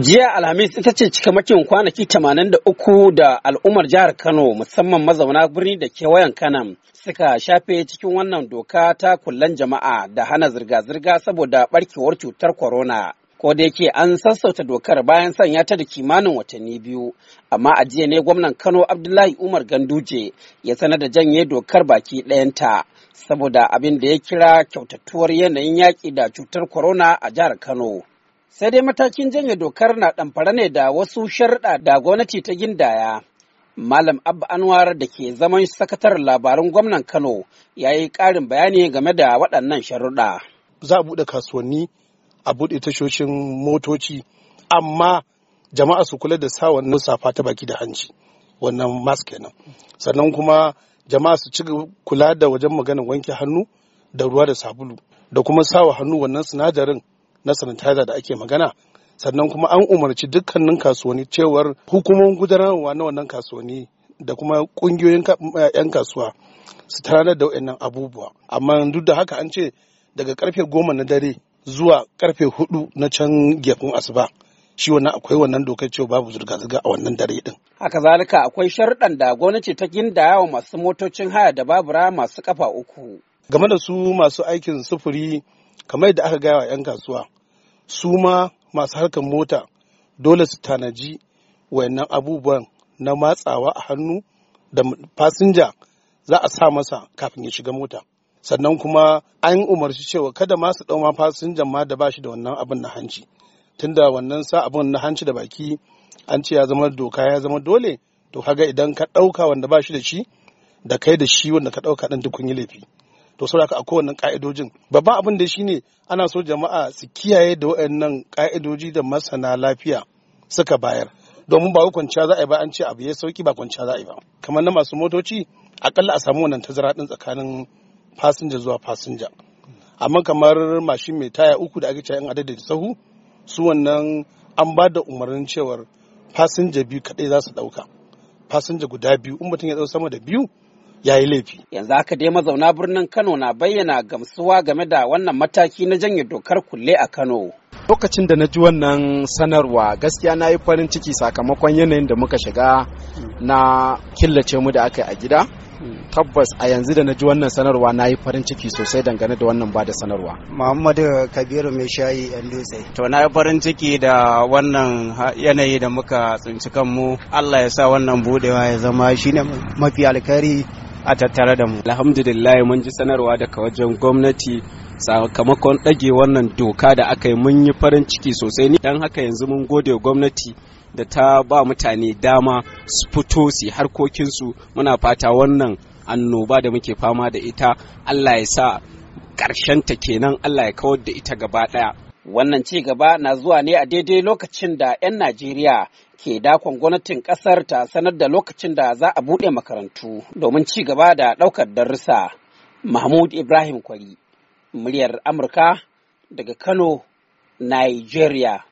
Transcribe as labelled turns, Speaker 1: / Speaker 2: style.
Speaker 1: Jiya Alhamis ita ce cikamakin kwanaki tamanin da uku da al'ummar jihar Kano musamman mazauna birni da kewayen kanan, suka shafe cikin wannan doka ta kullan jama'a da hana zirga-zirga saboda barkewar cutar corona. Ko da yake an sassauta dokar bayan sanya ta da kimanin watanni biyu, amma a jiya ne gwamnan Kano Abdullahi Umar Ganduje ya sanar da janye dokar baki ɗayanta saboda abin da ya kira kyautattuwar yanayin yaƙi da cutar corona a jihar Kano. sai dai matakin janye dokar na ɗamfara ne da wasu sharɗa da gwamnati ta gindaya malam abba anwar da ke zaman sakatar labarin gwamnan kano ya yi ƙarin bayani game da waɗannan
Speaker 2: sharuɗa za a buɗe kasuwanni a buɗe tashoshin motoci amma jama'a su kula da sa wannan ta baki da hanci wannan mask kenan sannan kuma jama'a su ci kula da wajen maganin wanke hannu da ruwa da sabulu da kuma sawa hannu wannan sinadarin na sanitizer da ake magana sannan kuma an umarci dukkanin kasuwanni cewar hukumomin gudanarwa na wannan kasuwanni da kuma kungiyoyin 'yan eh, kasuwa su tarar da wayannan abubuwa amma duk da haka an ce daga karfe goma na dare zuwa karfe hudu na can gefen asuba shi wannan akwai wannan dokar cewa babu zirga-zirga a wannan dare din.
Speaker 1: Haka zalika akwai sharɗan da gwamnati ta
Speaker 2: gindaya yawa masu motocin haya da babura masu kafa uku. Game da su masu aikin sufuri kamar da aka gaya wa 'yan kasuwa su ma masu harkar mota dole su tanaji wayannan abubuwan na matsawa a hannu da fasinja za a sa masa kafin ya shiga mota sannan kuma an umarci cewa kada masu su ɗauma fasinjan ma da ba shi da wannan abin na hanci tunda wannan sa abin na hanci da baki an ce ya zama doka ya zama dole to kaga idan ka ɗauka wanda bashi shi da shi da kai da shi wanda ka ɗauka ɗin duk kun yi laifi to saboda a kowanne ka'idojin babban abin da shine ana so jama'a su kiyaye da waɗannan ka'idoji da masana lafiya suka bayar domin ba kwanciya za a yi ba an ce abu ya sauki ba kwanciya za a yi ba kamar na masu motoci akalla a samu wannan tazara din tsakanin fasinja zuwa fasinja amma kamar mashin mai taya uku da ake cewa in adadin sahu su wannan an ba da umarnin cewar fasinja biyu kadai za su dauka fasinja guda biyu in mutum ya dau sama da biyu ya yi laifi. Yanzu aka dai mazauna birnin Kano na bayyana gamsuwa game
Speaker 1: da wannan mataki na janye dokar kulle a Kano. Lokacin da na ji wannan sanarwa gaskiya na yi farin ciki sakamakon yanayin da muka shiga na killace mu da aka yi a gida. tabbas a yanzu da na ji wannan sanarwa na yi farin ciki sosai dangane da wannan ba da sanarwa. Muhammadu Kabiru mai shayi yan dutse. To na yi farin ciki da wannan yanayi da muka tsinci kanmu Allah ya sa wannan budewa ya zama shi ne mafi alkari a tattare da mu alhamdulillah mun ji sanarwa daga wajen gwamnati sakamakon ɗage wannan doka da aka yi mun yi farin ciki sosai ni dan haka yanzu mun gode gwamnati da ta ba mutane dama su fito su harkokinsu muna fata wannan annoba da muke fama da ita allah ya sa ƙarshenta kenan allah ya kawar da ita gaba ɗaya Wannan ci gaba na zuwa ne a daidai lokacin da 'yan Najeriya ke dakon gwamnatin ƙasar ta sanar da lokacin da za a buɗe makarantu domin ci gaba da ɗaukar darussa. Mahmud Ibrahim Kwari, muryar Amurka daga Kano, Nigeria.